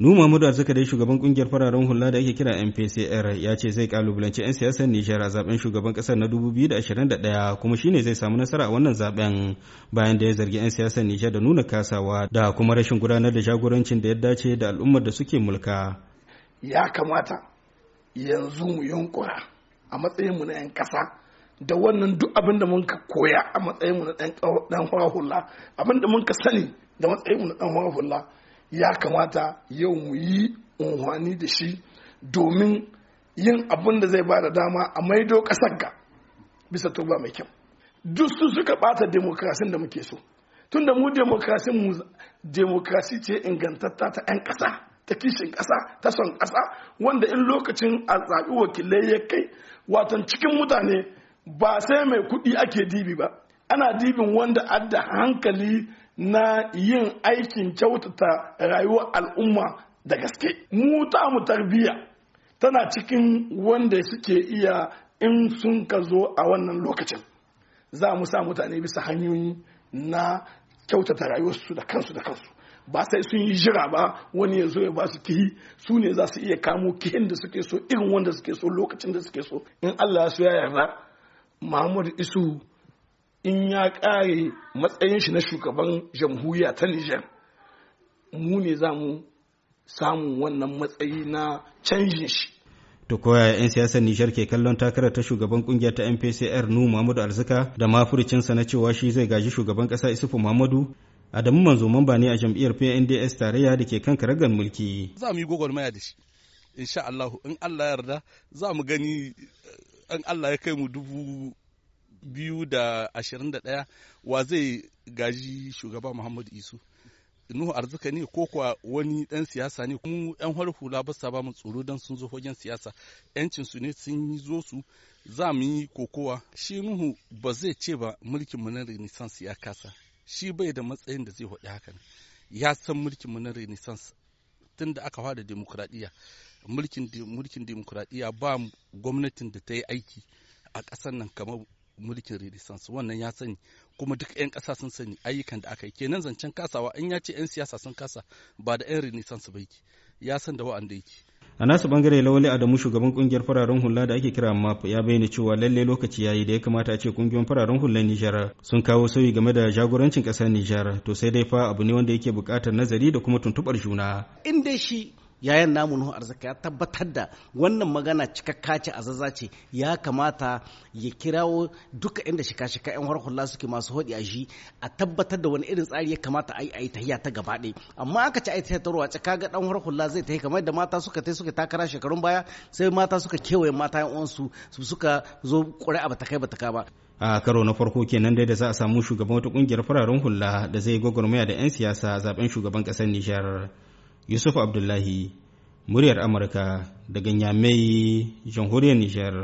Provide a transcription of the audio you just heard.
Nu Mahmudu dai shugaban kungiyar fararen hula da ake kira MPCR ya ce zai kalubalanci 'yan siyasar Nijar a zaben shugaban kasar na 2021 kuma shine zai samu nasara a wannan zaben bayan da ya zargi 'yan siyasar Nijar da nuna kasawa da kuma rashin gudanar da jagorancin da ya dace da al'ummar da suke mulka. Ya kamata yanzu mu yunkura a matsayin mu na 'yan kasa da wannan duk abin da mun ka koya a matsayin mu na ɗan hula abin da mun ka sani da matsayin mu na ɗan hula ya kamata yau mu yi unhwani da shi domin yin abin da zai ba da dama a maido ƙasar ga bisa toba mai kyau duk su suka bata demokrasin da muke so tun da mu demokrasin mu demokrasi ce ingantatta ta 'yan ƙasa ta kishin ƙasa ta son ƙasa wanda in lokacin a zaɓi wakilai ya kai watan cikin mutane ba sai mai kuɗi ake dibi ba ana dibin wanda adda hankali na yin aikin kyautata rayuwar al'umma da gaske mu ta mu tarbiya tana cikin wanda suke iya in sun ka zo a wannan lokacin za mu sa mutane bisa hanyoyi na kyautata rayuwarsu da kansu da kansu ba sai sun yi jira ba wani ya zo ya ba su kihi su ne za su iya kamo kihin da suke so irin wanda suke so lokacin da suke so in allah ya so ya yarda Mahmud isu in ya ƙare matsayin shi na shugaban jamhuriya ta Nijar mu ne za mu samun wannan matsayi na canjin shi. To koya 'yan siyasar Nijar ke kallon takarar ta shugaban kungiyar ta MPCR Nu Muhammadu Arzika, da mafuricinsa na cewa shi zai gaji shugaban ƙasa Isufu Muhammadu Adamu Manzo mamba ne a jam'iyyar PNDS tarayya da ke kan karagar mulki. Za mu yi maya da shi. Insha in Allah yarda za mu gani eh, in Allah ya kai mu dubu biyu da ashirin da ɗaya wa zai gaji shugaba muhammadu isu nuhu arzika ne ko kuwa wani dan siyasa ne kuma yan har hula ba sa ba mu tsoro dan sun zo wajen siyasa yancin ne sun yi zo su za mu yi kokowa shi nuhu ba zai ce ba mulkin mu na renaissance ya kasa shi bai da matsayin da zai faɗi hakan ya san mulkin mu na renaissance tun da aka fara demokradiyya mulkin mulkin demokradiyya ba gwamnatin da ta yi aiki a ƙasar nan kamar mulkin resistance wannan ya sani kuma duk 'yan ƙasa sun sani ayyukan da aka yi kenan zancen kasawa in ya ce 'yan siyasa sun kasa ba da 'yan renaissance ba yake ya san da wa'anda yake a nasu bangare lawali adamu shugaban kungiyar fararen hula da ake kira map ya bayyana cewa lallai lokaci yayi da ya kamata a ce kungiyoyin fararen hula nijar sun kawo sauyi game da jagorancin kasar nijar to sai dai fa abu ne wanda yake buƙatar nazari da kuma tuntuɓar juna in dai shi yayan namu nuhu arzika ya tabbatar da wannan magana cikakka ce azazza ce ya kamata ya kirawo duka inda shika shika yan harkulla suke masu hodi a shi a tabbatar da wani irin tsari ya kamata a yi a yi tahiya ta gaba ɗaya amma aka ci a yi tahiya ta ruwa kaga dan harkulla zai tahi kamar da mata suka ta suka takara shekarun baya sai mata suka kewaye mata yan uwansu suka zo a bata kai bata ka ba a karo na farko kenan dai da za a samu shugaban wata kungiyar fararen hula da zai gwagwarmaya da 'yan siyasa zaben shugaban kasar nijar Yusuf Abdullahi, muryar Amurka daga Nyamai, jamhuriyar Nijar.